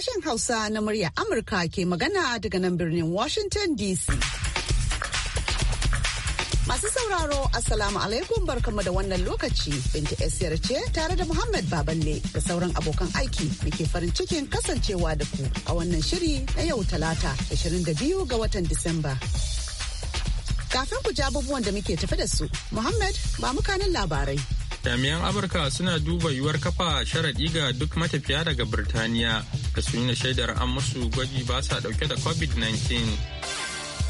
sashen Hausa na murya Amurka ke magana daga nan birnin Washington DC. Masu sauraro, Assalamu alaikum barkamu da wannan lokaci. Binta Esiyar ce tare da Muhammad Baballe da sauran abokan aiki muke farin cikin kasancewa da ku a wannan shiri na yau talata da biyu ga watan Disamba. Kafin ku ja abubuwan da muke tafi da su, Muhammad ba mukanin labarai. jami'an amurka suna duba yiwuwar kafa sharaɗi ga duk matafiya daga birtaniya da su na shaidar an musu gwaji ba sa ɗauke da covid-19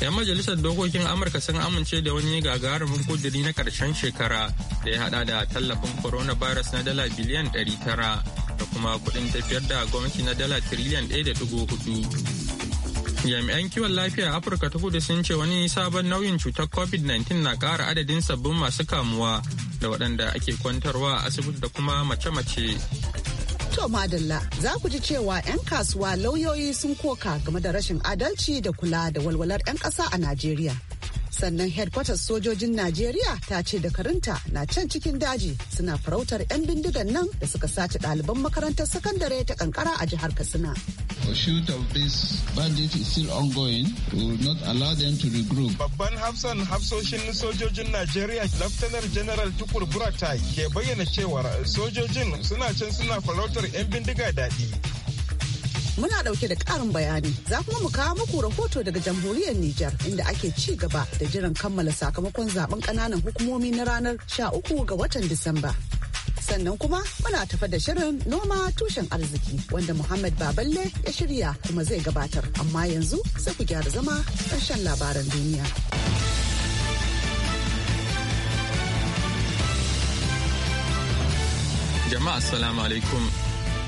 yan majalisar dokokin amurka sun amince da wani gagarumin kuduri na ƙarshen shekara da ya hada da tallafin coronavirus na dala biliyan 900 da kuma kuɗin tafiyar da gwamnati na dala tiriliyan 1.4 jami'an kiwon lafiya afirka ta kudu sun ce wani sabon nauyin cutar covid-19 na kara adadin sabbin masu kamuwa da waɗanda ake kwantarwa a asibiti da kuma mace-mace. To Madalla za ku ji cewa 'yan kasuwa lauyoyi sun koka game da rashin adalci da kula da walwalar 'yan ƙasa a Najeriya. sannan headquarters sojojin najeriya ta ce da karinta na can cikin daji suna farautar 'yan bindigan nan da suka sace ɗaliban makarantar sakandare ta kankara a jihar katsina shoot of this bandit is still ongoing. We will not allow them to regroup. Babban hafsan hafsoshin sojojin Najeriya Laftanar General Tukur Buratai ke bayyana cewa sojojin suna can suna farautar 'yan bindiga daɗi. muna dauke da karin bayani za kuma mu kawo muku rahoto daga jamhuriyar Nijar inda ake ci gaba da jiran kammala sakamakon zaben kananan hukumomi na ranar 13 ga watan Disamba. sannan kuma muna tafa da shirin noma tushen arziki wanda Muhammad Baballe ya shirya kuma zai gabatar. Amma yanzu sai ku gyara zama ƙarshen labaran duniya. Jama'a assalamu alaikum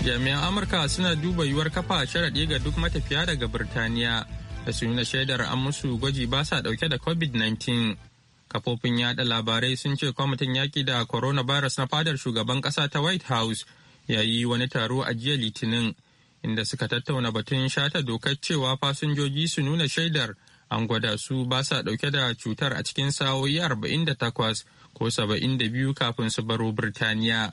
jami'an amurka suna duba yiwuwar kafa sharaɗe ga duk matafiya daga birtaniya da su nuna shaidar an musu gwaji ba sa ɗauke da covid-19 kafofin yada labarai sun ce kwamitin yaƙi da coronavirus na fadar shugaban ƙasa ta white house ya yi wani taro a jiya litinin inda suka tattauna batun shata dokar cewa fasinjoji su nuna shaidar an gwada su ba sa ɗauke da cutar a cikin sa'o'i 48 ko 72 kafin su baro birtaniya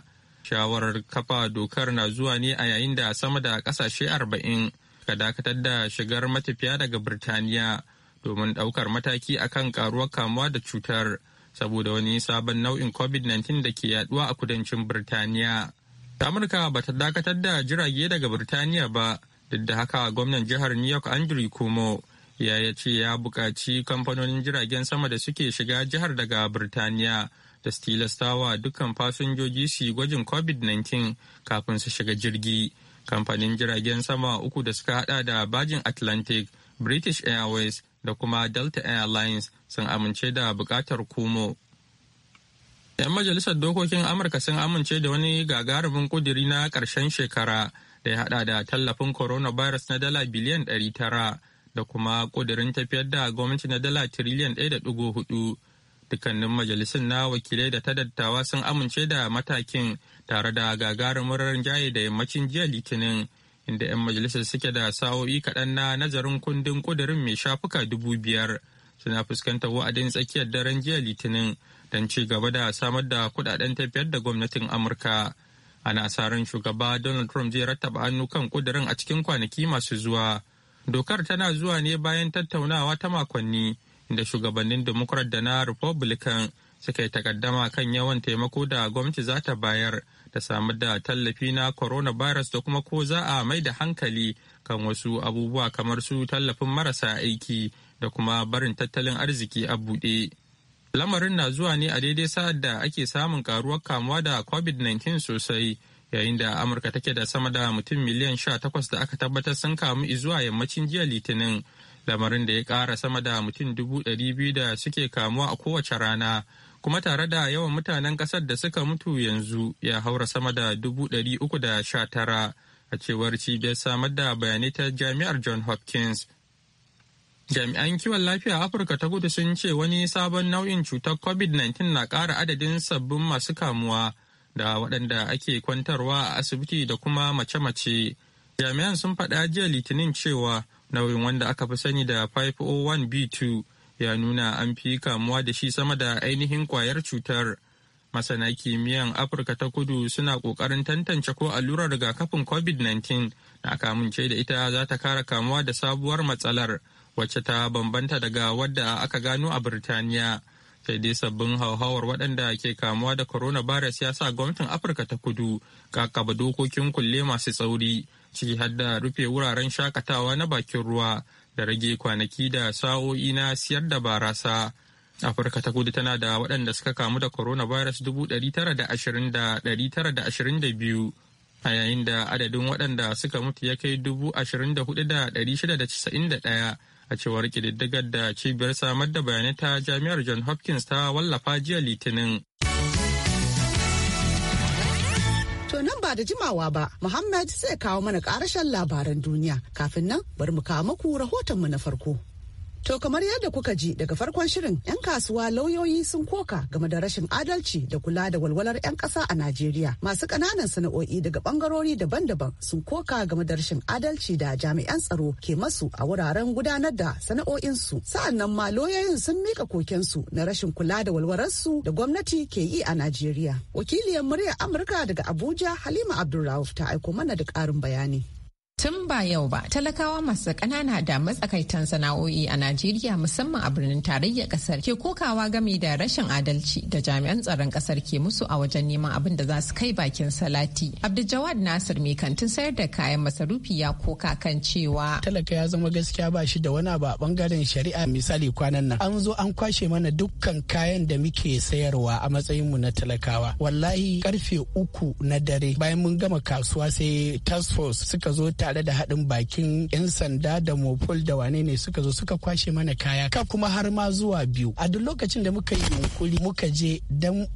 shawarar kafa dokar na zuwa ne a yayin da sama da kasashe arba'in ka dakatar da shigar matafiya daga birtaniya domin ɗaukar mataki akan karuwar kamuwa da cutar saboda wani sabon nau'in covid-19 da ke yaduwa a kudancin birtaniya amurka ba ta dakatar da jirage daga birtaniya ba duk da haka gwamnan jihar new york andrew kumo ya ce ya buƙaci kamfanonin jiragen sama da suke shiga jihar daga birtaniya da su tilastawa dukkan fasinjoji su yi gwajin covid-19 kafin su shiga jirgi kamfanin jiragen sama uku da suka hada da bajin atlantic british airways da kuma delta airlines sun amince da bukatar kumo 'yan majalisar dokokin amurka sun amince da wani gagarumin kuduri na ƙarshen shekara da ya hada da tallafin coronavirus na dala biliyan 900 da kuma kudirin tafiyar da gwamnati na dala tiriliyan 1.4 dukkanin majalisun na wakilai da ta dattawa sun amince da matakin tare da gagarumar rinjaye da yammacin jiya litinin inda 'yan majalisar suke da sa'o'i kaɗan na nazarin kundin ƙudurin mai shafuka dubu biyar suna fuskantar wa'adin tsakiyar daren jiya litinin don ci gaba da samar da kuɗaɗen tafiyar da gwamnatin amurka ana sa shugaba donald trump zai rattaba hannu kan ƙudurin a cikin kwanaki masu zuwa dokar tana zuwa ne bayan tattaunawa ta makonni da shugabannin democrat da na republican suka yi takaddama kan yawan taimako da gwamnati za ta bayar ta samu da tallafi na coronavirus da kuma ko za a mai da hankali kan wasu abubuwa kamar su tallafin marasa aiki da kuma barin tattalin arziki a buɗe. Lamarin na zuwa ne a daidai sa'ad da ake samun karuwar kamuwa da COVID-19 sosai yayin da Amurka take da sama da mutum miliyan 18 da aka tabbatar sun kamu izuwa yammacin jiya Litinin lamarin da ya kara sama da mutum dubu ɗari biyu da suke kamuwa a kowace rana kuma tare da yawan mutanen ƙasar da suka mutu yanzu ya haura sama da dubu ɗari uku da sha tara a cewar cibiyar samar da bayanai ta jami'ar john hopkins jami'an kiwon lafiya afirka ta gudu sun ce wani sabon nau'in cutar covid-19 na ƙara adadin sabbin masu kamuwa da waɗanda ake kwantarwa a asibiti da kuma mace-mace jami'an sun faɗa jiya litinin cewa nauyin wanda aka fi sani da 501b2 ya nuna an fi kamuwa da shi sama da ainihin kwayar cutar. Masana kimiyyan Afirka ta kudu suna ƙoƙarin tantance ko allurar rigakafin COVID-19 na kamunce da ita za ta kara kamuwa da sabuwar matsalar wacce ta bambanta daga wadda aka gano a Birtaniya. sai dai sabbin hauhawar waɗanda ke kamuwa da coronavirus ya sa gwamnatin afirka ta kudu kakaba dokokin kulle masu tsauri ciki har da rufe wuraren shakatawa na bakin ruwa da rage kwanaki da sa'o'i na siyar da barasa. Afirka ta kudu tana da waɗanda suka kamu da coronavirus 920,922 a yayin da adadin waɗanda suka mutu ya kai 24,691 a cewar ƙididdigar da cibiyar samar da bayanai ta jami'ar John Hopkins ta wallafa jiya Litinin. To nan ba da jimawa ba, Muhammad zai kawo mana ƙarashen labaran duniya kafin nan bari mu kawo muku rahotonmu na farko. To kamar yadda kuka ji daga farkon shirin 'yan kasuwa lauyoyi sun koka game da rashin adalci da kula da walwalar 'yan ƙasa a Najeriya. Masu ƙananan sana'o'i daga bangarori daban-daban sun koka game da rashin adalci da jami'an tsaro ke masu a wuraren gudanar da sana'o'insu. Sa'an nan ma lauyoyin sun mika kokensu na rashin kula da walwararsu da gwamnati ke yi a Najeriya. Wakiliyar muryar Amurka daga Abuja Halima Abdulrauf ta aiko mana da ƙarin bayani. Tun ba yau ba, talakawa masu ƙanana da matsakaitan sana'o'i a Najeriya musamman a birnin tarayyar ƙasar ke kokawa game da rashin adalci da jami'an tsaron ƙasar ke musu a wajen neman abin da za su kai bakin salati. Abdul Nasir mai kantin sayar da kayan masarufi ya koka kan cewa. Talaka ya zama gaskiya ba shi da wani abu a bangaren shari'a misali kwanan nan. An zo an kwashe mana dukkan kayan da muke sayarwa a matsayin mu na talakawa. Wallahi karfe uku na dare bayan mun gama kasuwa sai task force suka zo ta tare da haɗin bakin 'yan sanda da mofol da wane ne suka zo suka kwashe mana kaya ka kuma har ma zuwa biyu a duk lokacin da muka yi yunkuri muka je dan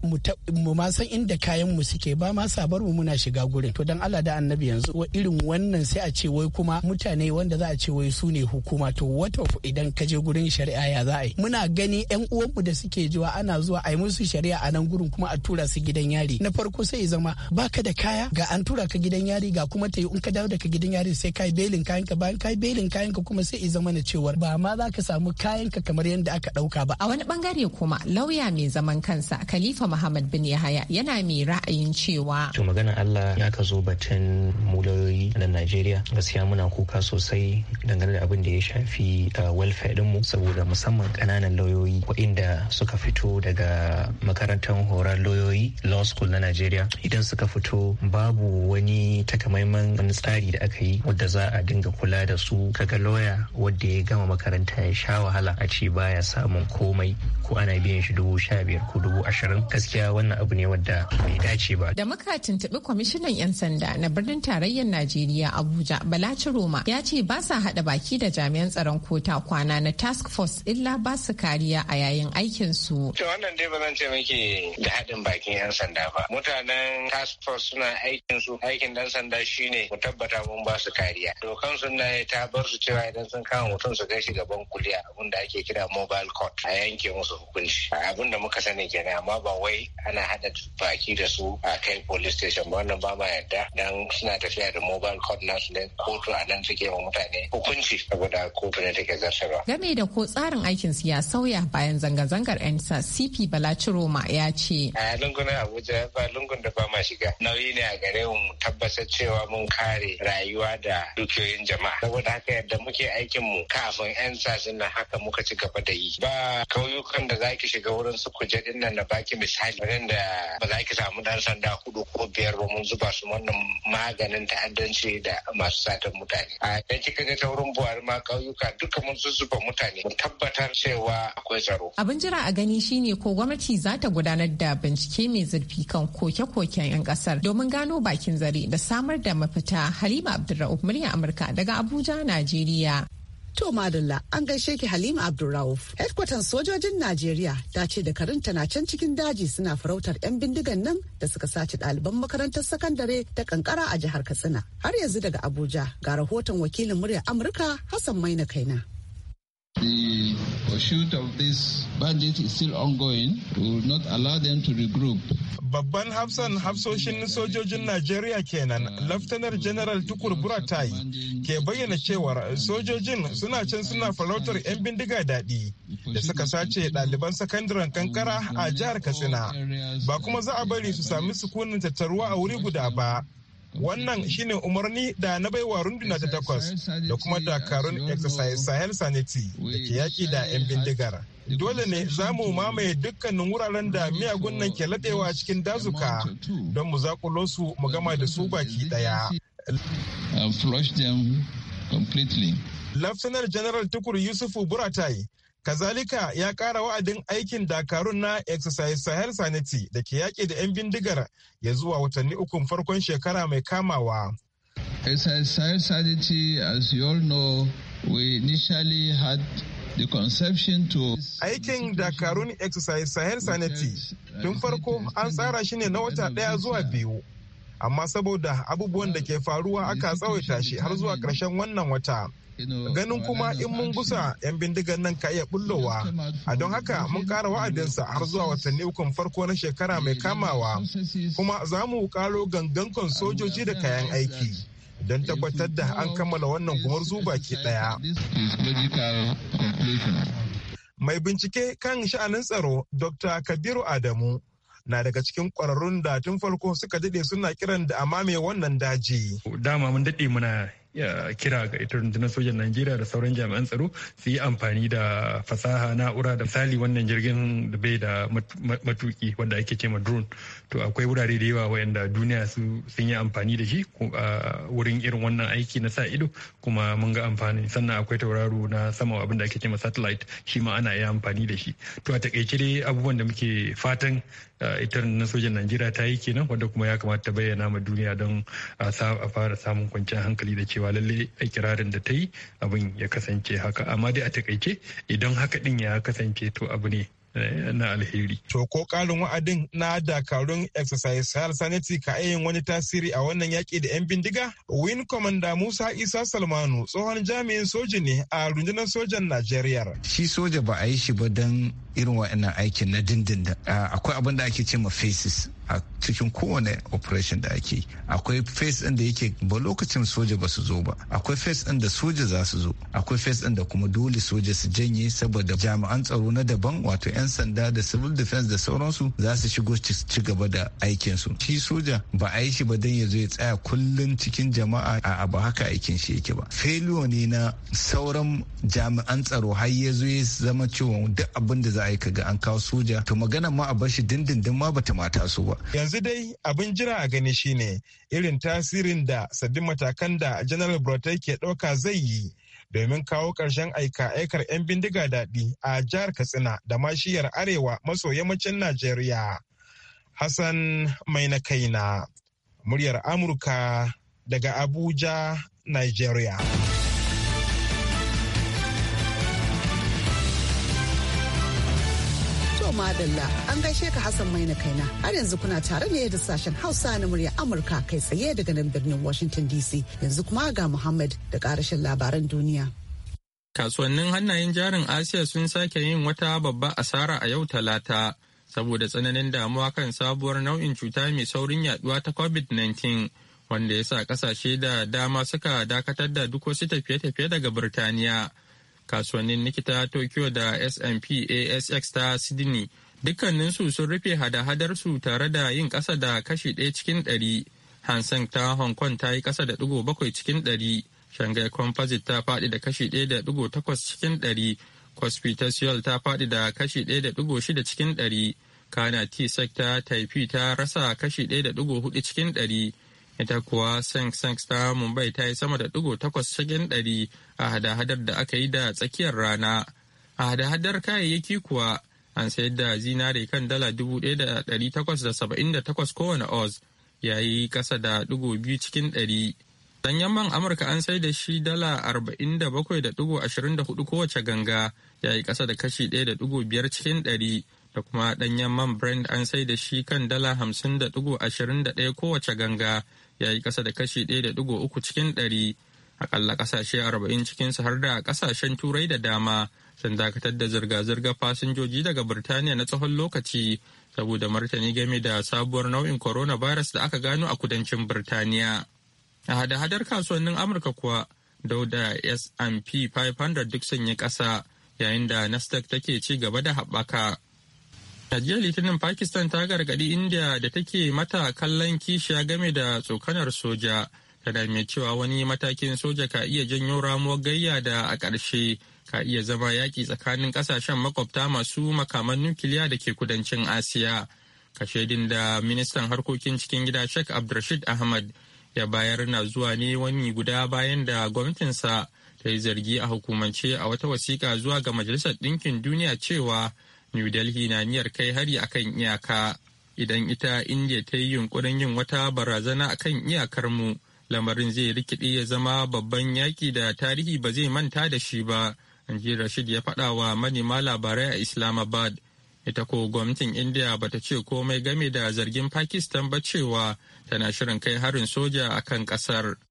mu ma san inda kayan mu suke ba ma sabar mu muna shiga gurin to dan Allah da annabi yanzu wa irin wannan sai a ce wai kuma mutane wanda za a ce wai su ne hukuma to wata idan ka je gurin shari'a ya za a yi muna gani 'yan uwanmu da suke jiwa ana zuwa a yi musu shari'a a nan gurin kuma a tura su gidan yari na farko sai ya zama baka da kaya ga an tura ka gidan yari ga kuma ta yi in ka dawo daga gidan yari kare sai kai belin kayanka bayan kai belin kayanka kuma sai i zama na cewar ba ma za ka samu kayanka kamar yadda aka ɗauka ba. A wani bangare kuma lauya mai zaman kansa Khalifa Muhammad bin Yahaya yana mai ra'ayin cewa. To magana Allah ya ka zo batun mu lauyoyi na Najeriya gaskiya muna kuka sosai dangane da abin da ya shafi uh, welfare mu. saboda musamman kananan lauyoyi inda suka fito daga makarantar horar lauyoyi law school na Najeriya idan suka fito babu wani takamaiman wani tsari da aka yi wadda za a dinga kula da su kaga lauya wadda ya gama makaranta ya sha wahala a ce baya samun komai ko ana biyan shi dubu sha biyar ko dubu ashirin gaskiya wannan abu ne wadda bai dace ba. Da muka tuntuɓi kwamishinan 'yan sanda na birnin tarayyar Najeriya Abuja Bala roma ya ce ba sa haɗa baki da jami'an tsaron kota kwana na task force illa ba su kariya a yayin aikin su. To wannan dai ba zan ce miki da haɗin bakin 'yan sanda ba. Mutanen task force suna aikin su aikin dan sanda shine ku tabbata mun ba ba su kariya dokan sunna ta bar su cewa idan sun kama mutum su kai shi gaban kuliya abin da ake kira mobile court a yanke musu hukunci abin da muka sani kenan amma ba wai ana hada baki da su a kai police station ba wannan ba ma yadda dan suna tafiya da mobile court nasu ne kotu a nan suke wa mutane hukunci saboda kotu ne take zartarwa game da ko tsarin aikin su ya sauya bayan zanga-zangar ensa cp ciroma ya ce a lungunan abuja ba lungun da ba ma shiga nauyi ne a gare mu tabbatar cewa mun kare rayuwa rayuwa da dukiyoyin jama'a saboda haka yadda muke aikin mu kafin yan sasin nan haka muka ci gaba da yi ba kauyukan da zaki shiga wurin su kuje din nan na baki misali da ba za ki samu dan sanda hudu ko biyar ba mun zuba su wannan maganin ta'addanci da masu satar mutane a dan kika ga ta wurin buhari ma kauyuka duka mun zuzzuba mutane mu tabbatar cewa akwai tsaro abin jira a gani shine ko gwamnati za ta gudanar da bincike mai zurfi kan koke-koken 'yan kasar domin gano bakin zare da samar da mafita halima abdul Abdulrauf muryar Amurka daga Abuja, Najeriya. To Madalla an gaishe ki Halima Abdulrauf. Hedkwatan sojojin Najeriya ta ce da karinta na can cikin daji suna farautar 'yan bindigan nan da suka sace ɗaliban makarantar sakandare ta kankara a jihar Katsina. Har yanzu daga Abuja ga rahoton wakilin muryar Amurka Hassan Maina Kaina. The pursuit of this bandit is still ongoing. We will not allow them to regroup. Babban hafsan hafsoshin sojojin Najeriya kenan, Laftanar General Tukur Buratai ke bayyana cewar sojojin suna can suna farautar 'yan bindiga daɗi da suka sace ɗaliban sakandaren kankara a jihar Katsina. Ba kuma za a bari su sami sukunin tattaruwa a wuri guda ba. Wannan shine umarni da na baiwa runduna ta takwas da kuma dakarun exercise Sahel Sanity da ke yaƙi da 'yan bindigar. Dole ne za mu mamaye dukkanin wuraren da miyagun nan ke laɗewa cikin dazuka don mu zakulo su mu gama da su baki ɗaya. Laftanar General Tukur Yusufu Buratai Kazalika ya ƙara wa'adin aikin Dakarun na Exercise Sahel Sanity da ke yaƙi da 'yan bindigar ya zuwa watanni uku farkon shekara mai kamawa. Exercise Sahel Sanity, as you all know, we initially had the conception to... Aikin Dakarun Exercise Sahel Sanity tun farko an tsara shi ne na wata ɗaya zuwa biyu. Amma saboda abubuwan da ke faruwa aka tsawaita shi har zuwa ƙarshen wannan wata. ganin kuma in mun gusa 'yan bindigan nan ka iya bullowa a don haka mun kara wa'adinsa har zuwa watanni ukun farko na shekara mai kamawa kuma za mu karo gangankon sojoji da kayan aiki don tabbatar da an kammala wannan zuba ke daya mai bincike kan sha'anin tsaro dr kabiru adamu na daga cikin kwararrun da tun farko suka daɗe suna kiran da mai wannan daji dama mun daɗe muna kira ga ita rundunar sojan Najeriya da sauran jami'an tsaro su yi amfani da fasaha na'ura da misali wannan jirgin da bai da matuki wanda ake ce ma drone to akwai wurare da yawa wayanda duniya su sun yi amfani da shi a wurin irin wannan aiki na sa ido kuma mun ga amfani sannan akwai tauraro na sama abin da ake ce ma satellite shi ma ana iya amfani da shi to a takaice dai abubuwan da muke fatan ita rundunar sojan Najeriya ta yi kenan wanda kuma ya kamata ta bayyana ma duniya don a fara samun kwanciyar hankali da cewa cewa lalle kirarin da ta yi abin ya kasance haka amma dai a takaice idan haka din ya kasance to abu ne eh, na alheri. To ko karin wa'adin na dakarun exercise har sanati ka yin wani tasiri a wannan yaƙi da 'yan bindiga? Win Commander Musa Isa Salmanu tsohon jami'in soja ne a rundunar sojan Najeriya. Shi soja ba a yi shi ba don irin wa'annan aikin na dindindin. Akwai abin da ake ce ma faces cikin kowane operation da ake akwai face ɗin da yake ba lokacin soja ba su zo ba akwai face ɗin da soja za su zo akwai face ɗin da kuma dole soja su janye saboda jami'an tsaro na daban wato 'yan sanda da civil defense da sauransu za su shigo ci gaba da aikinsu shi soja ba a yi shi ba don ya zo ya tsaya kullum cikin jama'a a abu haka aikin shi yake ba failure ne na sauran jami'an tsaro har ya zo ya zama cewa duk abin da za a yi kaga an kawo soja to magana ma a bar shi dindindin ma ta mata su ba yanzu dai abin jira a gani shine irin tasirin da sabbin matakan da janar brotai ke ɗauka zai yi domin kawo ƙarshen aika-aikar 'yan bindiga daɗi a jihar katsina da mashiyar arewa maso yammacin najeriya hassan mai na kaina muryar amurka daga abuja nigeria. madalla an gaishe ka Hassan Maina kaina. Har yanzu kuna tare ne da sashen Hausa na murya Amurka kai tsaye daga nan birnin Washington DC. Yanzu kuma ga Muhammad da karashin labaran duniya. Kasuwannin hannayen jarin Asiya sun sake yin wata babba asara a yau Talata saboda tsananin damuwa kan sabuwar nau'in cuta mai saurin yaduwa ta COVID-19 wanda ya sa kasashe da dama suka dakatar da duk wasu tafiye-tafiye daga Birtaniya. kasuwannin nikita tokyo da S&P asx ta sydney dukkaninsu sun rufe hada-hadarsu tare da yin kasa da kashi ɗaya cikin ɗari hansan ta hong kong ta yi kasa da ɗigo bakwai cikin ɗari shanghai composite ta faɗi da kashi ɗaya da ɗigo takwas cikin ɗari kospi ta seoul ta faɗi da kashi ɗaya da ɗigo shida cikin ɗari kana t sector taifi ta rasa kashi ɗaya da ɗigo hudu cikin ɗari ita kuwa seng ta mumbai ta yi sama da digo takwas cikin ɗari a hada-hadar da aka yi da tsakiyar rana a hada-hadar kayayyaki kuwa an sayar da zinare kan dala dubu ɗaya da ɗari takwas da saba'in da takwas kowane oz ya yi ƙasa da digo biyu cikin ɗari danyen man amurka an sai da shi dala arba'in da bakwai da digo ashirin da hudu kowace ganga ya yi ƙasa da kashi ɗaya da digo biyar cikin ɗari da kuma ɗanyen man brand an sai da shi kan dala hamsin da ɗigo ashirin da ɗaya kowace ganga ya yi kasa da kashi ɗaya da 1.3 cikin ɗari akalla ƙasashe 40 cikinsu har da ƙasashen turai da dama sun dakatar da zirga-zirga fasinjoji daga birtaniya na tsawon lokaci saboda martani game da sabuwar nau'in coronavirus da aka gano a kudancin birtaniya a hada-hadar kasuwannin amurka kuwa da S&P 500 duk sun yi ƙasa yayin da Nasdaq take ci gaba da haɓaka. A jiya Litinin Pakistan ta gargaɗi India da take mata kallon kishiya game da tsokanar soja, tana mai cewa wani matakin soja ka iya janyo ramuwar gayya da a ƙarshe ka iya zama yaƙi tsakanin ƙasashen makwabta masu makaman nukiliya da ke kudancin Asiya. Kashedin da ministan harkokin cikin gida Sheikh Abdulrashid Ahmad ya bayar na zuwa ne wani guda bayan da gwamnatinsa ta yi zargi a hukumance a wata wasiƙa zuwa ga Majalisar Ɗinkin Duniya cewa New Delhi na niyyar kai hari akan iyaka idan ita India ta yi yunkurin yin wata barazana akan iyakar mu lamarin zai rikide ya zama babban yaki da tarihi ba zai manta da shi ba ji Rashid ya faɗa wa manema labarai a Islamabad ita ko gwamnatin India ba ta ce komai game da zargin Pakistan ba cewa tana shirin kai harin soja akan ƙasar. kasar.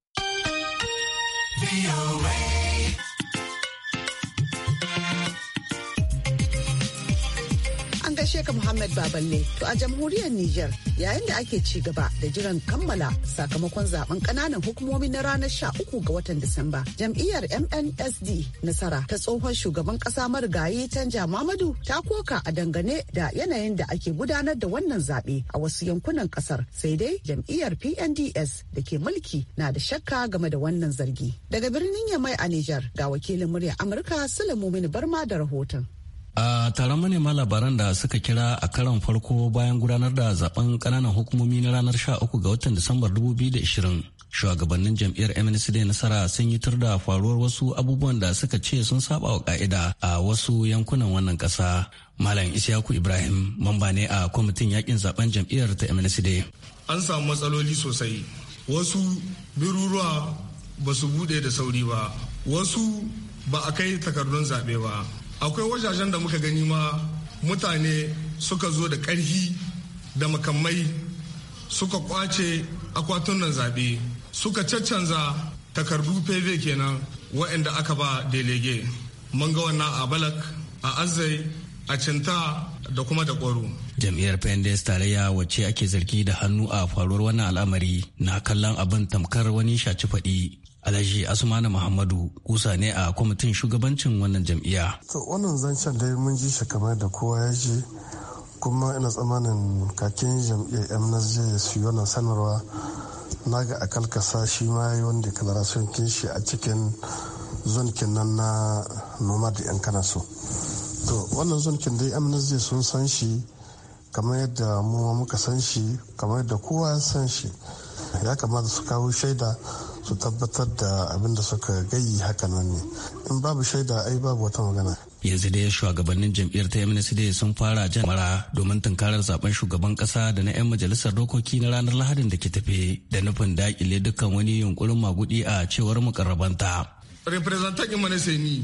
gaishe Muhammad Baballe. To a jamhuriyar Nijar yayin da ake ci gaba da jiran kammala sakamakon zaben kananan hukumomi na ranar 13 ga watan Disamba. Jam'iyyar MNSD nasara ta tsohon shugaban kasa marigayi Tanja Mamadu ta koka a dangane da yanayin da ake gudanar da wannan zaɓe a wasu yankunan ƙasar, sai dai jam'iyyar PNDS da ke mulki na da shakka game da wannan zargi. Daga birnin Yamai a Nijar ga wakilin murya Amurka Sulemu Barma da rahoton. a taron manema labaran da suka kira a karon farko bayan gudanar da zaben kananan hukumomi na ranar 13 ga watan disambar 2020 shugabannin jam'iyyar mnc da nasara sun yi tur da faruwar wasu abubuwan da suka ce sun saba wa ka'ida a wasu yankunan wannan kasa malam isyaku ibrahim mamba ne a kwamitin yakin zaben jam'iyyar ta mnc an samu matsaloli sosai wasu biruruwa ba su bude da sauri ba wasu ba a kai takardun zaɓe ba akwai wajajen da muka gani ma mutane suka zo da ƙarfi da makamai suka kwace akwatunan zaɓe suka caccanza takardu feve kenan waɗanda aka ba delege mun ga wannan a balak a azai a cinta da kuma da kwaro. jam'iyyar pendes tarayya wacce ake zargi da hannu a faruwar wannan al'amari na kallon abin tamkar wani shaci faɗi Alhaji Asmanu Muhammadu kusa ne a kwamitin shugabancin wannan jam'iyya. To wannan zancen dai mun ji shi kamar da kowa ya ji kuma ina tsamanin kakin jam'iyyar MNSJ ya siyo wannan sanarwa na ga akalkasa shi ma yi wani declaration kinshi a cikin zonkin nan na noma da yan kana so. To wannan zonkin dai MNSJ sun san shi kamar yadda mu muka san shi kamar yadda kowa ya san shi ya kamata su kawo shaida su tabbatar da abin da suka gayi hakanan ne in babu shaida ai babu wata magana yanzu dai shugabannin jam'iyyar ta MNCD sun fara jan mara domin tunkarar zaben shugaban kasa da na 'yan majalisar dokoki na ranar lahadin da ke tafe da nufin dakile dukkan wani yunkurin magudi a cewar mukarrabanta. representant ɗin na ni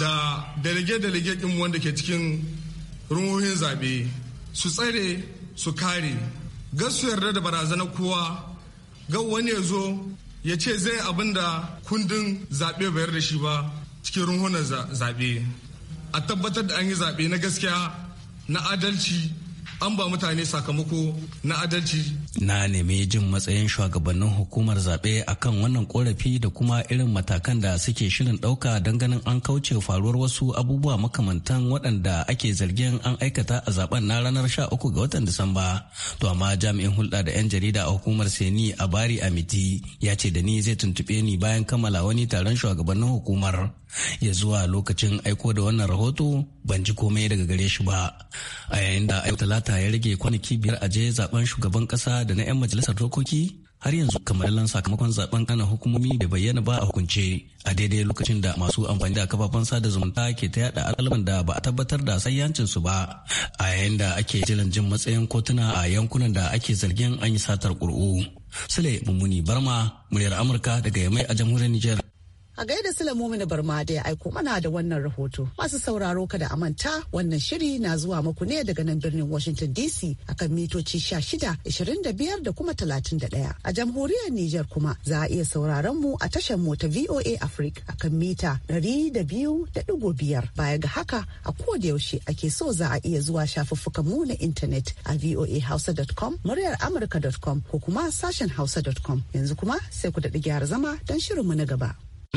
da delege-delege ɗin wanda ke cikin ruhohin zabe su tsare su kare gasu yarda da barazanar kowa ga wani ya zo ya ce zai abin da kundin zaɓe bayar da shi ba cikin runhunan zaɓe a tabbatar da an yi zaɓe na gaskiya na adalci an ba mutane sakamako na adalci. Na nemi jin matsayin shugabannin hukumar zaɓe akan wannan korafi da kuma irin matakan da suke shirin ɗauka don ganin an kauce faruwar wasu abubuwa makamantan waɗanda ake zargin an aikata a zaben na ranar 13 ga watan Disamba. To amma jami'in hulɗa da 'yan jarida a hukumar Seni a Bari Amiti ya ce da ni zai tuntuɓe ni bayan kammala wani taron shugabannin hukumar. ya zuwa lokacin aiko da wannan rahoto ban ji komai daga gare shi ba a yayin da aiko talata ya rage kwanaki biyar a je zaben shugaban kasa da na 'yan majalisar dokoki har yanzu lan sakamakon zaben kana hukumomi bai bayyana ba a hukunce a daidai lokacin da masu amfani da kafafen sada zumunta ke ta yada alƙalman da ba a tabbatar da sayyancin su ba a yayin da ake jiran jin matsayin kotuna a yankunan da ake zargin an yi satar ƙuri'u sule mummuni barma muryar amurka daga yamai a jamhuriyar niger A gaida Sule Mini Barma da ya aiko mana da wannan rahoto. Masu sauraro kada a manta wannan shiri na zuwa muku ne daga nan birnin Washington DC akan mitoci 16, 25 da kuma ɗaya A jamhuriyar Nijar kuma za a iya sauraron mu a tashar mu ta VOA Africa akan mita da da biyu ɗigo biyar Baya ga haka a ko da yaushe ake so za a iya zuwa shafuffukan mu na intanet a voahausa.com, muryar amurka.com ko kuma sashen hausa.com. Yanzu kuma sai ku daɗi gyara zama don shirinmu na gaba.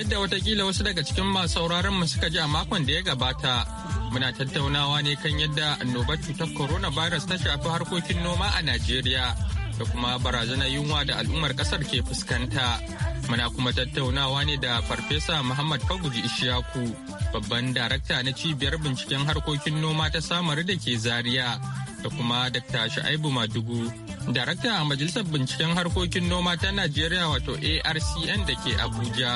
yadda watakila wasu daga cikin masu sauraron mu suka ji a makon da ya gabata muna tattaunawa ne kan yadda annobar cutar coronavirus ta shafi harkokin noma a najeriya da kuma barazana yunwa da al'ummar kasar ke fuskanta muna kuma tattaunawa ne da farfesa muhammad faguji ishaku babban darakta na cibiyar binciken harkokin noma ta samari da ke zaria da kuma dr shu'aibu madugu darakta a majalisar binciken harkokin noma ta najeriya wato arcn da ke abuja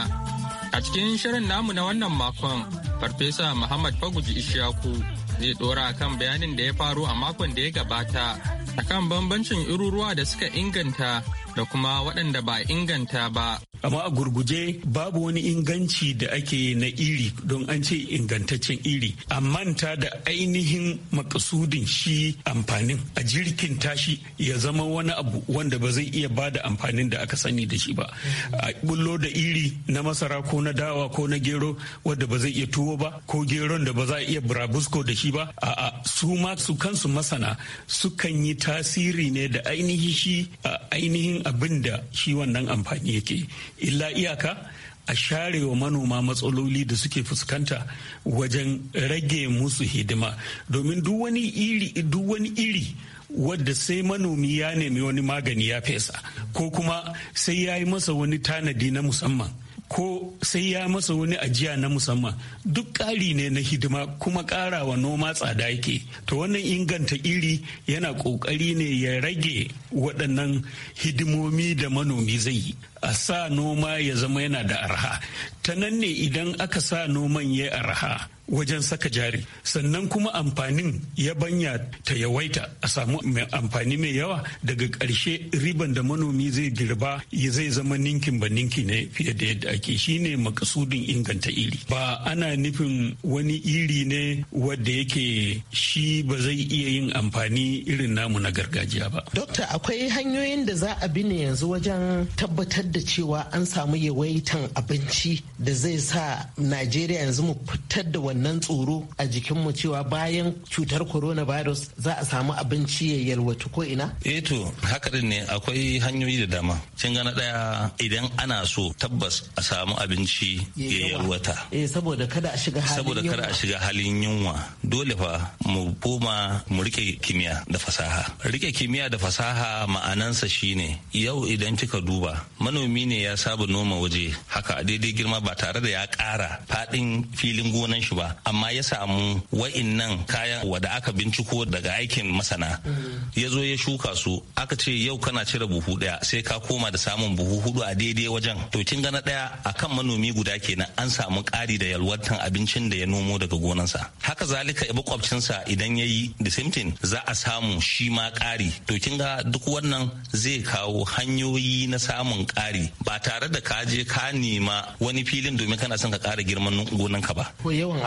A cikin shirin namu na wannan makon, Farfesa Muhammad Faguji Ishaku zai dora kan bayanin da ya faru a makon da ya gabata akan bambancin iruruwa da suka inganta da kuma waɗanda ba inganta ba amma a gurguje babu wani inganci da ake na iri don an ce ingantaccen iri a manta da ainihin makasudin shi amfanin a jirkin tashi ya zama wani abu wanda ba zai iya bada amfanin da aka sani da shi ba a bullo da iri na masara ko na dawa ko na gero wanda ba zai iya tuwo ba ko geron da ba za a iya burabusko da shi ba a su ma su kansu masana sukan yi tasiri ne da ainihin shi a ainihin abin da shi wannan amfani yake illa iyaka a share wa manoma matsaloli da suke fuskanta wajen rage musu hidima domin duk wani iri duk wani iri wadda sai manomi ya nemi wani magani ya fesa ko kuma sai ya yi masa wani tanadi na musamman ko sai ya masa wani ajiya na musamman duk ƙari ne na hidima kuma ƙarawa noma tsada yake to wannan inganta iri yana ƙoƙari ne ya rage waɗannan hidimomi da manomi zai yi a sa noma ya zama yana da arha ta nan ne idan aka sa noman ya arha wajen saka jari sannan kuma amfanin yabanya ta yawaita a samu amfani mai yawa daga ƙarshe riban da manomi zai girba zai zama ninkin ba ninki ne fiye da yadda ake shine makasudin inganta iri ba ana nufin wani iri ne wadda yake shi ba zai iya yin amfani irin namu na gargajiya ba dokta akwai hanyoyin da za a bi ne yanzu wajen tabbatar da cewa an samu yawaitan abinci da zai sa najeriya yanzu mu fitar da wannan tsoro a jikin mu cewa bayan cutar coronavirus za a samu abinci ya yalwatu ko ina? Eh to haka ne akwai hanyoyi da dama. Cin gana daya idan ana so tabbas a samu abinci ya yalwata. Eh saboda kada a shiga halin Saboda kada a shiga halin yunwa. Dole fa mu koma mu rike kimiyya da fasaha. Rike kimiyya da fasaha ma'anansa shine yau idan kika duba manomi ne ya saba noma waje haka a daidai girma ba tare da ya ƙara faɗin filin gonan shi ba ba amma ya samu wa'innan kayan wada aka binciko daga aikin masana ya zo ya shuka su aka ce yau kana cire buhu daya sai ka koma da samun buhu hudu a daidai wajen to kin gana daya akan manomi guda kenan an samu kari da yalwatan abincin da ya nomo daga gonansa haka zalika makwabcinsa idan ya yi the same thing za a samu shi ma kari to kin ga duk wannan zai kawo hanyoyi na samun ƙari ba tare da ka je ka nema wani filin domin kana son ka kara girman gonanka ba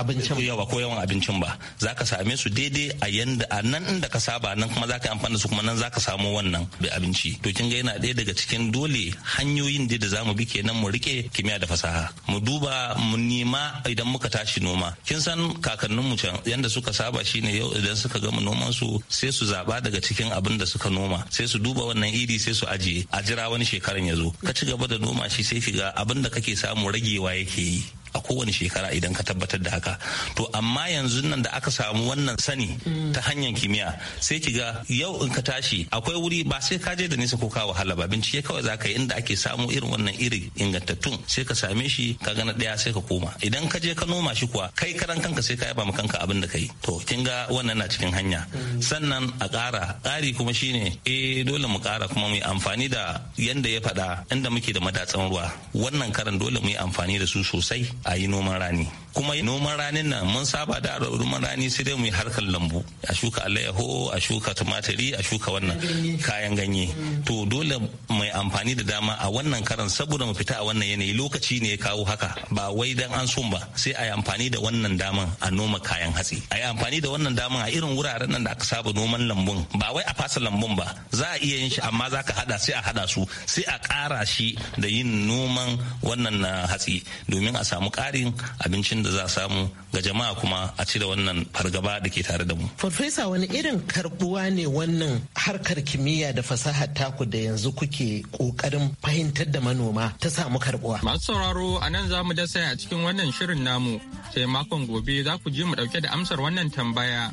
abincin yawa ko yawan abincin ba za ka same su daidai a yanda a nan inda ka saba nan kuma za ka yi amfani da su kuma nan za ka samo wannan abinci to kin ga yana ɗaya daga cikin dole hanyoyin da da zamu bi kenan mu rike kimiyya da fasaha mu duba mu nima idan muka tashi noma kin san kakannin mu can yanda suka saba shine yau idan suka gama noman su sai su zaba daga cikin abin da suka noma sai su duba wannan iri sai su ajiye a jira wani shekaran ya zo ka ci gaba da noma shi sai ki ga abin da kake samu ragewa yake yi a kowane shekara idan ka tabbatar da haka to amma yanzu nan da aka samu wannan sani ta hanyar kimiyya sai ki ga yau in ka tashi akwai wuri ba sai ka je da nisa ko ka wahala ba bincike kawai za ka yi inda ake samu irin wannan iri ingantattun sai ka same shi ka gana daya sai ka koma idan ka je ka noma shi kuwa kai karan kanka sai ka yaba ma kanka abin da kai to kin ga wannan na cikin hanya sannan a ƙara ƙari kuma shine eh dole mu ƙara kuma mu yi amfani da yanda ya faɗa inda muke da madatsan ruwa wannan karan dole mu yi amfani da su sosai a yi noman rani kuma noman ranin nan mun saba da noman rani sai dai mu yi harkar lambu a shuka alayyaho a shuka tumatiri a shuka wannan kayan ganye to dole mai amfani da dama a wannan karan saboda mu fita a wannan yanayi lokaci ne ya kawo haka ba wai dan an sun ba sai a yi amfani da wannan daman a noma kayan hatsi a yi amfani da wannan daman a irin wuraren nan da aka saba noman lambun ba wai a fasa lambun ba za a iya yin shi amma za ka hada sai a hada su sai a kara shi da yin noman wannan ah, hatsi domin a samu samu karin abincin da za a samu ga jama'a kuma a cire wannan fargaba da ke tare da mu. Farfesa wani irin karbuwa ne wannan harkar kimiyya da fasaha taku da yanzu kuke ƙoƙarin fahimtar da manoma ta samu karbuwa. Masu sauraro a nan za mu dasa a cikin wannan shirin namu sai makon gobe za ku je mu ɗauke da amsar wannan tambaya.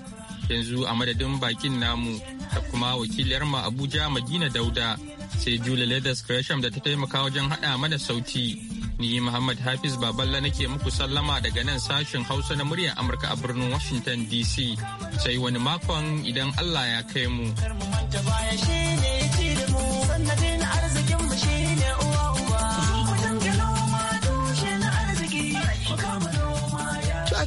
Yanzu a madadin bakin namu da kuma wakiliyar mu Abuja Madina Dauda sai jula Leathers Gresham da ta taimaka wajen haɗa mana sauti. Ni Muhammad Hafiz Baballa nake muku sallama daga nan sashen Hausa na muryar Amurka a birnin Washington DC. Sai wani makon idan Allah ya kai mu.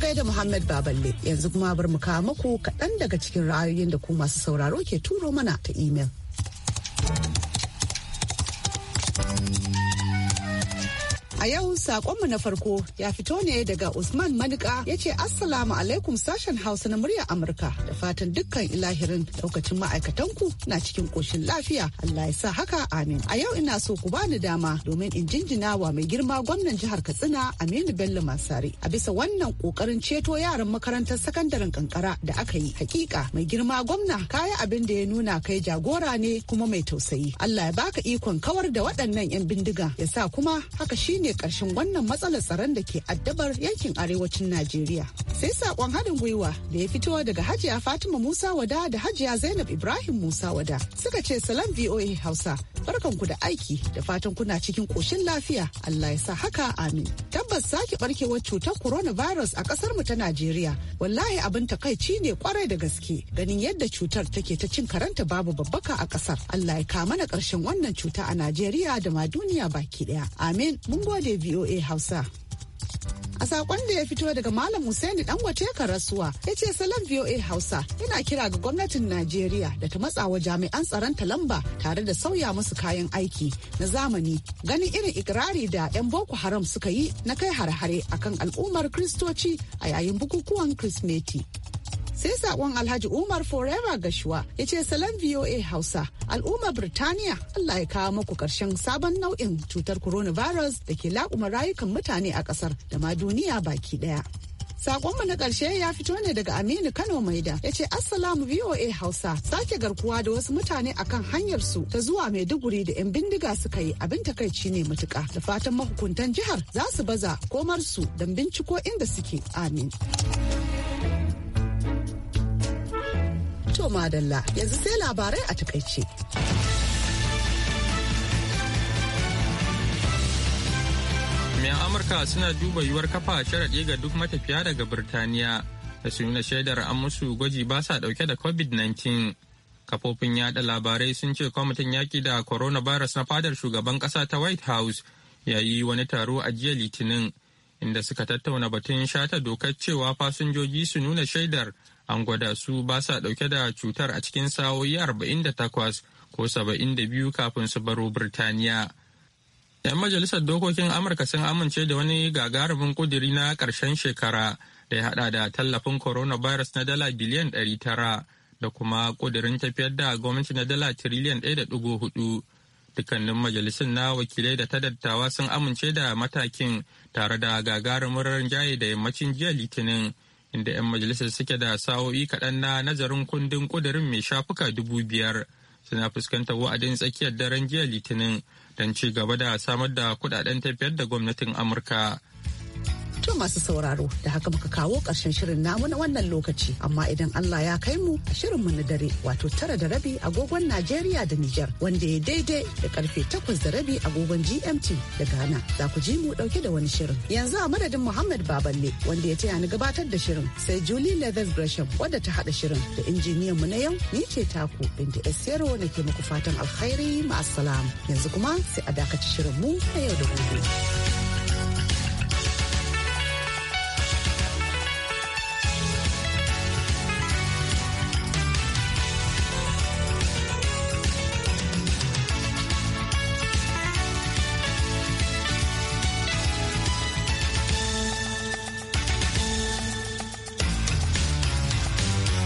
gaida Muhammad Baballe yanzu kuma bar mu kawo muku kaɗan daga cikin ra'ayoyin da ku masu sauraro ke turo mana ta imel. A yau saƙonmu na farko ya fito ne daga Usman Manika ya ce Assalamu alaikum sashen Hausa na muryar Amurka da fatan dukkan ilahirin lokacin ma'aikatanku na cikin ƙoshin lafiya Allah ya sa haka amin. A yau ina so ku bani dama domin in jinjina wa mai girma gwamnan jihar Katsina Aminu Bello Masari a bisa wannan ƙoƙarin ceto yaran makarantar sakandaren kankara da aka yi. Hakika mai girma gwamna kaya abin da ya nuna kai jagora ne kuma mai tausayi. Allah ya baka ikon kawar da waɗannan 'yan bindiga ya sa kuma haka shine karshen wannan matsalar tsaron da ke addabar yankin arewacin Najeriya. Sai saƙon haɗin gwiwa da ya fito daga Hajiya Fatima Musa Wada da Hajiya Zainab Ibrahim Musa Wada suka ce salam VOA Hausa barkanku da aiki da fatan kuna cikin koshin lafiya Allah ya sa haka amin. Tabbas sake barkewar cutar coronavirus a ƙasar mu ta Najeriya wallahi abin takaici ne kwarai da gaske ganin yadda cutar take ta cin karanta babu babbaka a ƙasar. Allah ya kama na karshen wannan cuta a Najeriya da ma duniya baki ɗaya. Amin. Mun da VOA Hausa. A saƙon da ya fito daga Malam Hussaini ɗan wace Karasuwa ya ce salon VOA Hausa yana kira ga gwamnatin Najeriya da ta matsawa jami'an tsaron ta lamba tare da sauya musu kayan aiki na zamani ganin irin ikirari da 'yan Boko Haram suka yi na kai har-hare akan al'ummar Kristoci a yayin bukukuwan Kirsimeti. sai sakon alhaji umar forever gashuwa ya ce salon voa hausa al'ummar birtaniya allah ya kawo muku karshen sabon nau'in cutar coronavirus da ke laƙuma rayukan mutane a ƙasar da ma duniya baki ɗaya Sakonmu na ƙarshe ya fito ne daga Aminu Kano Maida ya ce Assalamu VOA Hausa sake garkuwa da wasu mutane akan hanyar su ta zuwa Maiduguri da 'yan bindiga suka yi abin takaici ne matuka da fatan mahukuntan jihar za su baza komarsu don binciko inda suke amin. To madalla yanzu sai labarai a takaice. Jami'an Amurka suna duba yiwuwar kafa sharaɗi ga duk matafiya daga Birtaniya da su nuna shaidar an musu gwaji ba sa ɗauke da COVID-19. Kafofin yaɗa labarai sun ce kwamitin yaƙi da coronavirus na fadar shugaban ƙasa ta White House ya yi wani taro a jiya Litinin inda suka tattauna batun shata dokar cewa fasinjoji su nuna shaidar an gwada su ba sa ɗauke da cutar a cikin sa'o'i takwas ko saba'in da biyu kafin su baro Birtaniya. 'Yan majalisar dokokin Amurka sun amince da wani gagarumin kudiri na karshen shekara da ya hada da tallafin coronavirus na dala biliyan 900 da kuma kudirin tafiyar da gwamnati na dala tiriliyan 1.4. Dukkanin majalisun na wakilai da ta dattawa sun amince da matakin tare da gagarumin rinjaye da yammacin jiya Litinin. inda 'yan majalisar suke da sa'o'i kaɗan na nazarin kundin ƙudurin mai shafuka dubu biyar suna fuskantar wa'adin tsakiyar daren jiya litinin don ci gaba da samar da kuɗaɗen tafiyar da gwamnatin amurka To masu sauraro da haka muka kawo ƙarshen shirin namu na wannan lokaci amma idan Allah ya kai mu a shirin mu na dare wato tara da rabi agogon Najeriya da Nijar wanda ya daidai da karfe takwas da rabi agogon GMT da Ghana za ku ji mu dauke da wani shirin. Yanzu a madadin Muhammad Baballe wanda ya taya ni gabatar da shirin sai Julie Leathers Gresham wadda ta hada shirin da injiniyan mu na yau ni ce taku Binta Esero na ke muku fatan alkhairi ma'assalam yanzu kuma sai a dakaci shirin mu a yau da gobe.